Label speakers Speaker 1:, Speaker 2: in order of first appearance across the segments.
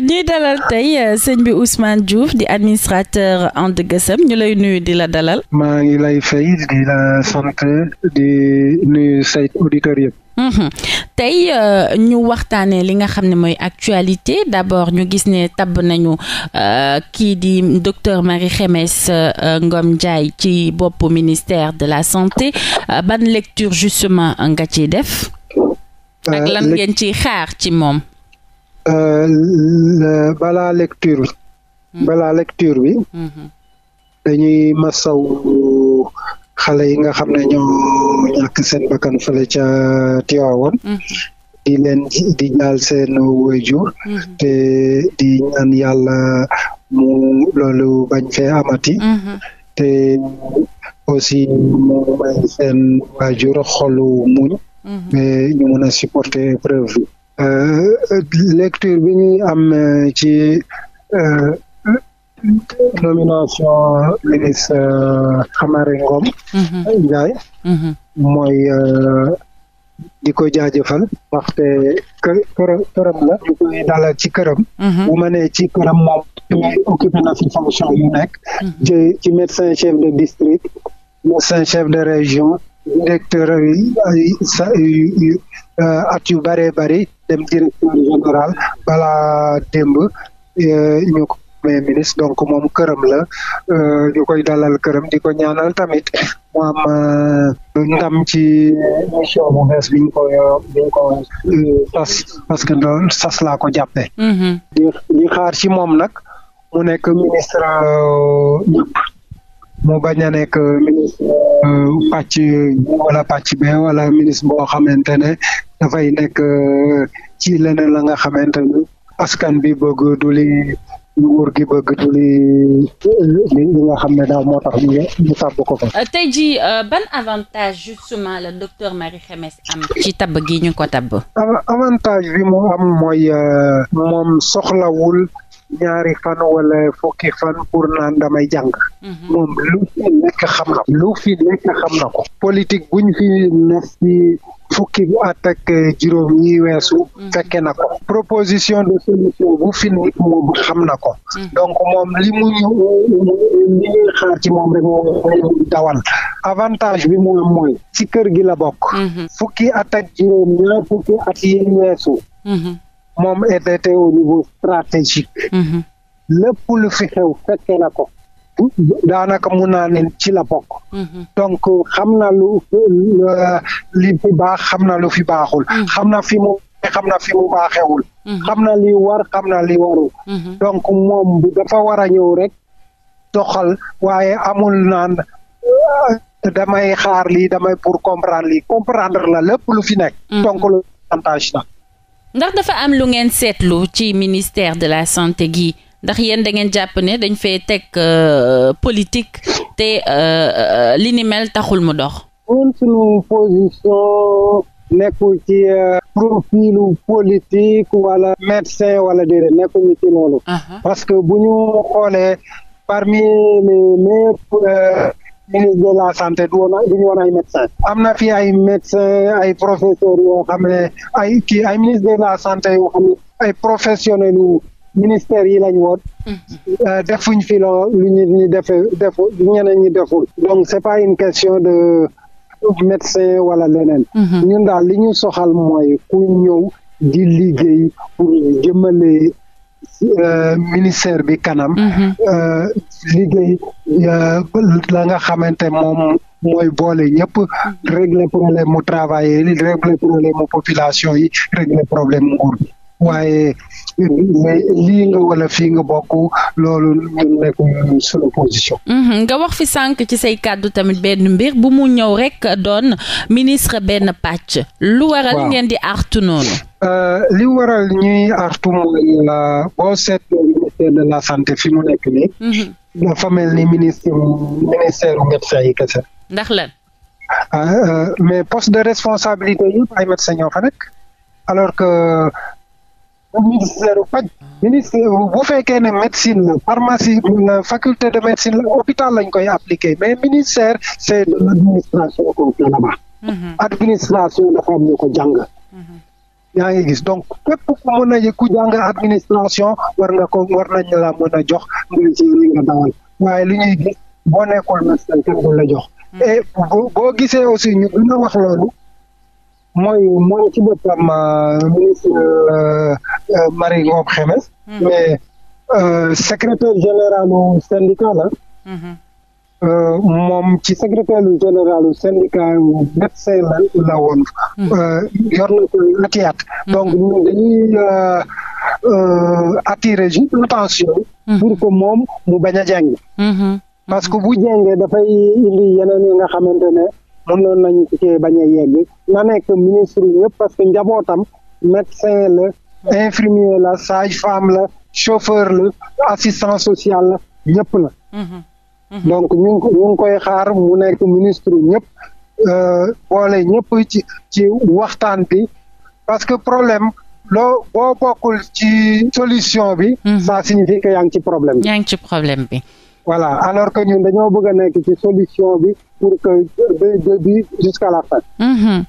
Speaker 1: ñuy dalal tey euh, sëñ bi Ousmane Diouf di administrateur And Gueusseum ñu lay nuyu di la dalal.
Speaker 2: maa ngi lay fay di la
Speaker 1: mhm. tey euh, ñu waxtaanee li nga xam ne mooy actualité d'abord ñu gis ne tabb nañu euh, kii di docteur Marie Khemesse Ngom Ndiaye ci bopp ministère de la santé ban lecture justement nga ciy def. ak lan ngeen ciy xaar ci moom. Euh,
Speaker 2: balaa lecture bi. Hmm. balaa lecture bi. Hmm. dañuy masaw xale yi nga xam ne ñoo ñàkk seen bakkan fële ca Tiwaawoon. Hmm. di leen di ñaal seen waajur te di ñaan yàlla mu loolu bañ fee amati. te aussi mu may seen waajur xolu muñ. mais ñu mën a supporter épreuve Euh, euh, lecture bi ñuy am euh, ci nomination ministre Amary Ngom mhm. Ndiaye mhm. mooy ko jaajëfal waxte kë la di ci këram mhm. bu ma ci këram moom mais occupé na fi ci médecin chef de district médecin chef de région directeur euh, at yu bare bari dem directeur général balaa démb euh, ñu ko ministre donc moom këram la euh, ñu koy dalal këram di ñaanal tamit mu am ci mission bu bees biñ ko biñ ko parce que loolu sas laa mm-hmm. di xaar ci moom nag mu nekk ministre mu bañ nekk ministre Euh, pàcc wala pacc be wala ministre boo xamante ne dafay nekk euh, ci leneen la nga xamante ne askan bi bëgg du li gi bëgg du li nga xam ne daal moo tax
Speaker 1: ñu tàbb ko fa. Euh, te jii ban avantage justement la docteur Marie Khemesse am ci tabb gi ñu ko tabb.
Speaker 2: avantage bi mu am mooy moom soxlawul. ñaari fan wala fukki fan pour naan damay jàng. Mhm. moom lu fi nekk xam na ko. lu fi xam na ko. politique buñ fi fukki at ak juróom ñi weesu. Mhm. fekke na ko. proposition de solution bu fi nit moom xam na ko. Mhm. donc moom li mu li ñuy xaar ci moom rek moom dawal. avantage bi mu am mooy. kër gi la bokk. fukki at ak juróom fukki at yi weesu. moom était au niveau. stratégique. Mm-hmm. lépp lu fi xew fekke na ko. daanaka mun naa ne ci la bokk. Mm-hmm. donc xam na lu li fi baax xam na lu fi baaxul. Mm-hmm. xam na fi mu xam na xam na li war xam na li warul. donc moom dafa war a ñëw rek doxal waaye amul naan ah, damay xaar lii damay pour comprendre lii comprendre la lépp fi nekk. donc lu avantage la.
Speaker 1: ndax dafa am lu ngeen seetlu ci ministère de la santé gi ndax yéen da ngeen jàpp ne dañ fee teg euh, politique te euh, euh, li taxul mu dox.
Speaker 2: moom suñu position nekkul ci profilu politique wala médecin wala déedéet nekkuñu ci loolu. parce que bu ñu xoolee parmi les meilleurs. ministre de la santé du woon médecin am na fi ay médecin ay professeur xam ne ay kii ay ministre de la ay professionnels yu ministère yi lañ woon mm-hmm. euh, defuñ fi loo lu ñu ñu defe defu ñeneen donc c'est pas une question de médecin wala leneen mm-hmm. ñun daal li ñu soxal mooy ku ñëw di liggéey pour jëmale Euh, ministère bi kanam. Mhm. Euh, liggéey euh, la nga xamante moom mooy boole ñëpp régler problème mu travail yi régler problème mu population yi régler problème nguur waaye lii nga wala fii nga bokk loolu ñun nekk sunu position.
Speaker 1: Mhm. nga wax fi sànq ci say kàddu tamit benn mbir bu mu ñëw rek doon ministre benn pàcc. lu waral ngeen di artu noonu.
Speaker 2: Euh, li waral ñuy artu mooy boo seetloo ministère de la santé fi mu nekk nii. Mhm. dafa mel ni ministre ministère u médecin yi kese. ndax lan. Ah, euh, mais poste de responsabilité yëpp ay médecin ñoo fa nekk alors que. ministère u paj ministère fekkee ne médecine la pharmacie la faculté de médecine la hôpital lañ koy appliquer mais ministère c' administration qu'on fait là mhm. administration dafa am ñu ko jàng mhm. yaa ngi gis donc képp ku mën a ku jàng administration war nga war nañ la mën a jox mbir waaye li ñuy gis boo nekkoon médecin kenn du la jox. Hmm. et boo gisee aussi ñu gën a wax loolu mooy mooy ci boppam euh, ministre euh, euh, Marie Ngom Xemes hmm. mais secrétaire général syndicat Euh, moom ci secrétaire général syndicat yu médecin la la woon. Hmm. Euh, yor na ko ñetti at. Hmm. donc ñun dañuy euh, attirer juste l'attention. Hmm. pour moom mu bañ a jàngi. parce que bu jàngee dafay indi yeneen yi nga xamante ne mënoon nañu ci bañ a yegg na nekk ministre yi parce que njabootam médecin la infirmier la sage femme la chauffeur la assistant social la ñëpp la. Mhm. donc ñu ngi ñu koy xaar mu nekk ministre ñëpp euh, boole ñëpp ci ci waxtaan bi parce que problème loo boo bokkul ci solution bi. Mhm. ça signifie que yaa ngi ci problème bi. yaa ngi ci problème bi. voilà alors que ñun dañoo bëgg a nekk ci solution bi. pour que de mhm.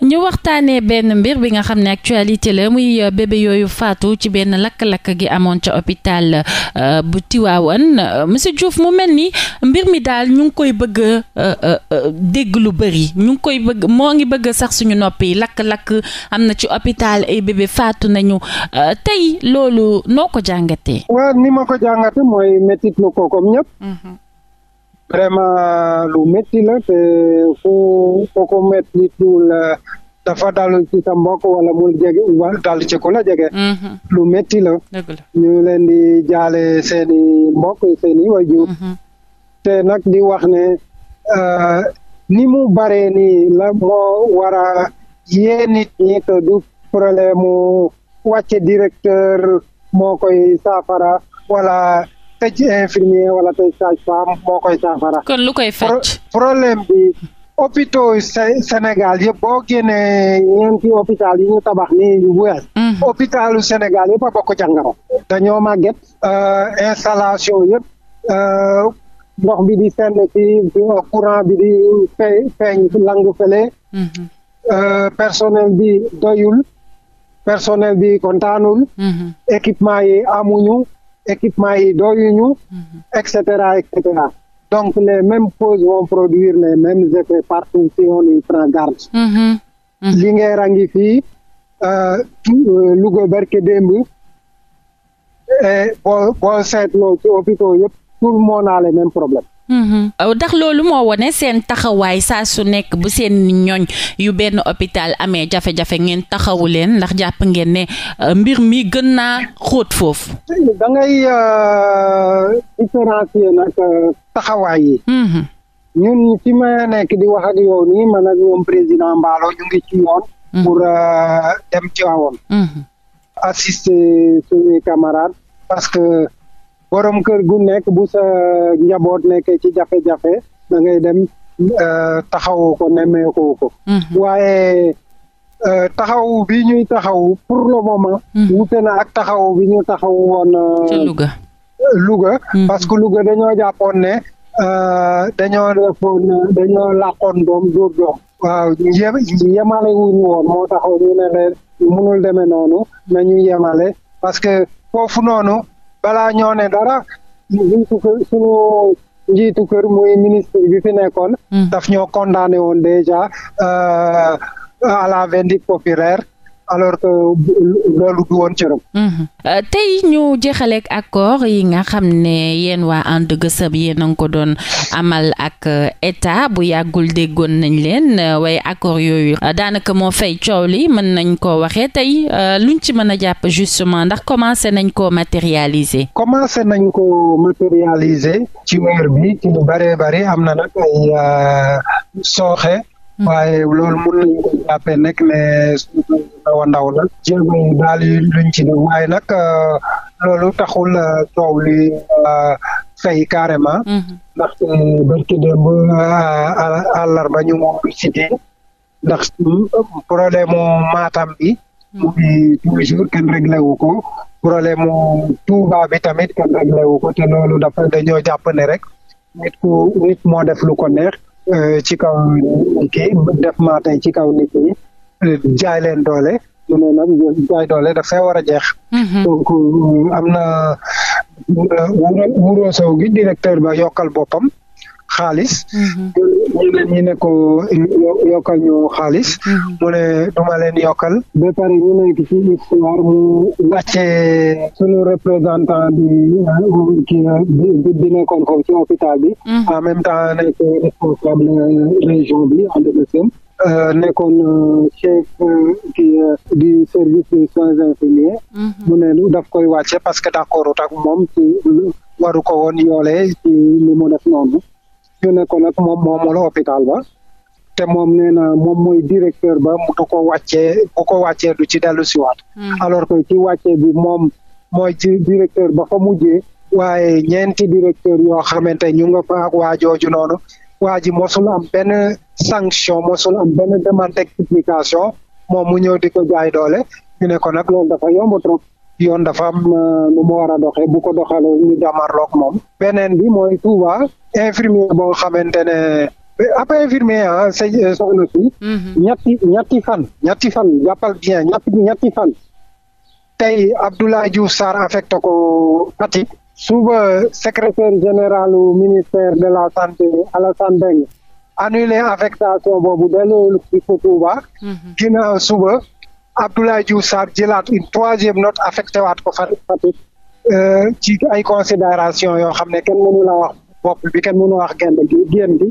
Speaker 1: ñu waxtaanee benn mbir bi nga xam ne actualité la muy euh, bébé yooyu faatu ci benn lakk-lakk gi amoon ca hôpital euh, bu Tiwaawan euh, monsieur Diouf mu mel ni mbir mi daal ñu ngi koy bëgg dégg lu bëri ñu ngi koy bëgg moo ngi bëgg sax suñu noppi lakk-lakk am na ci hôpital ay bébé faatu nañu tey loolu noo ko jàngate
Speaker 2: waaw ni ma ko jàngatee mooy métit lu ko comme ñëpp. Mhm. vraiment lu métti la te foo foo ko métti nit dafa dal ci sa mbokk wala mu jege wala dal ci ku la jege. lu métti la. ñu leen di jaale seeni i mbokk seen i wajur. te nag di wax ne ni mu baree nii la moo war a ñi te du problème mu directeur moo koy saafara wala. nekk ci infirmier wala tey sage-femme moo koy saafara. kon
Speaker 1: lu koy faj.
Speaker 2: problème bi hôpitaux Sénégal yëpp boo génnee ñeenti hôpital yi ñu tabax nii yu wees. Hmm. hôpitalu Sénégal yëpp a bokk jàngoro. dañoo màgget euh, installation yëpp euh, ndox bi di senn fii courant bi di fe feeñ langu fële. Hmm. Euh, personnel bi doyul. personnel bi kontaanul. Hmm. équipement yi amuñu. équipement yi doyuñu mhm. et cetera donc les mêmes causes vont produire les mêmes effets partout si on y prend garde mhm. Mhm. Linguère a ngi fii euh, Louga barke démb boo boo seetloo ci hôpitaux yëpp tout le a les mêmes problèmes
Speaker 1: Mm-hmm. Euh, ndax loolu moo wone seen taxawaay saa su nekk bu seen ñooñ yu benn hôpital amee jafe-jafe ngeen taxawu leen ndax jàpp ngeen ne euh, mbir mi gën naa xóot foofu.
Speaker 2: da euh, taxawaay yi. Mm-hmm. ñun ci ma di wax ak yow nii ngi ci yoon. Mm-hmm. pour dem ci waawoon. assister suñuy camarades parce que. borom kër gu nekk bu sa njaboot nekkee ci jafe-jafe dangay ngay dem euh, taxawoo ko nemmeekoo ko. Mhm. waaye euh, taxaw bi ñuy taxaw pour le moment. Mhm. wute na ak taxaw bi ñu taxaw woon. Euh, ca Louga. Louga. Mhm. parce que Louga dañoo jàppoon ne. dañoo defoon dañoo làqoon doom dóor doom. waaw yemale wuñu woon moo taxaw ñu ne leen mënul demee noonu na ñu yemale parce que foofu noonu. balaa ñoo ne dara njiitu kër suñu kër muy ministre bi fi nekkoon. Hmm. daf ñoo condamné woon déjà euh, à la vindicte populaire. alors que loolu du woon cëram.
Speaker 1: Mhm. Euh, tey ñu jeexaleeg accord yi nga xam ne yéen waa And Gueusseum yéen a ko doon amal ak euh, état bu yàggul déggoon nañ leen euh, waaye accord yooyu daanaka moo fay coow li mën nañ ko waxee tey lu luñ ci mën a jàpp justement ndax commencé nañ ko matérialiser.
Speaker 2: commencé nañ ko matérialiser ci weer bi ci lu bëree bëri am na nag ay sooxe. Mm. waaye loolu mun nañu ko jàppee nekk ne suñu ndaw a ndaw la jéego yi daal luñ ci def waaye nag euh, loolu taxul soow euh, li euh, fay carrément mm-hmm. ndaxte barki démb àllarba ñu moom cité ndax mm, problème mu Matam bi mm. mu ngi toujours kenn réglé wu problème mu Touba bi tamit kenn réglé wu te loolu dafa dañoo jàpp ne rek nit ku nit moo neex Euh, ci kaw kii def maa tey ci kaw nit ñi euh, jaay leen doole mu ne nag jaay doole a jeex. Mm-hmm. donc euh, am wuro sow gi directeur ba yokkal boppam. xaalis. Mhm. ñu ne ko yokkal ñu xaalis. Mhm. mu ne du leen yokkal. ba pare ñu nekk ci histoire mu sunu représentant bi kii bi bi nekkoon foofu ci hôpital bi. Mhm. en même temps nekk responsable euh, euh, chef euh, kii du service des soins infirmiers. mu daf koy wàcce parce que d'accord ak moom ci waru ko woon def noonu. ñu ne ko nag moom moomu la hôpital ba te moom nee na moom mooy directeur ba mu ko wàccee bu ko wàccee du ci dellu siwaat hmm. alors que ci wàccee bi moom mooy ci directeur ba fa mujjee waaye ñeenti directeur yoo xamante ñu nga fa ak waa jooju noonu waa ji mosul am benn sanction mosul am benn demande moom mu ñëw di ko jaay doole ñu ne ko nag loolu dafa yomb trop yoon dafa am euh, nu mu war a doxee bu ko doxalee ñu jàmmarloog moom. beneen bi mooy Touba infirmier boo xamante ne ab infirmier ah sëñ euh, soxna si. Mhm. ñetti ñetti fan. ñetti fan jàppal bien ñetti ñetti fan. tey Abdoulaye Diouf Sarr affecté ko Fatick. suba secrétaire général ministère de la santé Alassane Deng annulé affectation boobu delloo ci Touba. Mhm. ginnaaw suba. Abdoulaye Diouf Sarr jëlaat une troisième not affecté waat ko Fatick euh, ci ay consideration yoo xam ne kenn mënu la wax bopp bi kenn mënu wax genn gi génn bi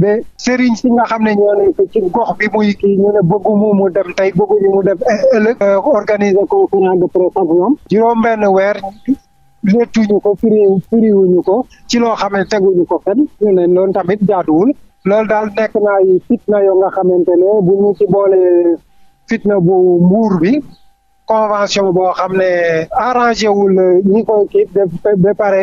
Speaker 2: mais sëriñ si nga xam ne ñoo nekk ci gox bi muy kii ñu ne bëggumu mu dem tey bëgguñu mu dem euh, ëllëg euh, organiser conférence de presse ak weer léttuñu ko firi firiwuñu ko ci loo xam ne teguñu ko fen ñu ne loolu tamit jaaduwul loolu daal nekk naa yi na yoo nga xamante ne bu ñu ci boole fitna bu mbuur bi convention boo xam ne arrangé wul ñi ko kii ba pare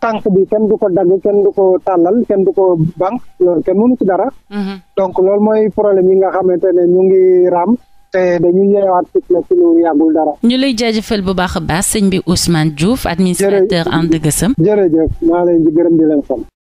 Speaker 2: tànk bi kenn du ko dagg kenn du ko tàllal kenn du ko banque loolu kenn mënu ci dara. Mhm. donc loolu mooy problème yi nga xamante ne ñu ngi raam. te dañuy yeewaat fitna ci lu yàggul dara.
Speaker 1: ñu lay jaajëfal bu baax a baax sëñ bi Ousmane Diouf administrateur And Gueusseum. jërëjëf maa leen di gërëm di leen sant.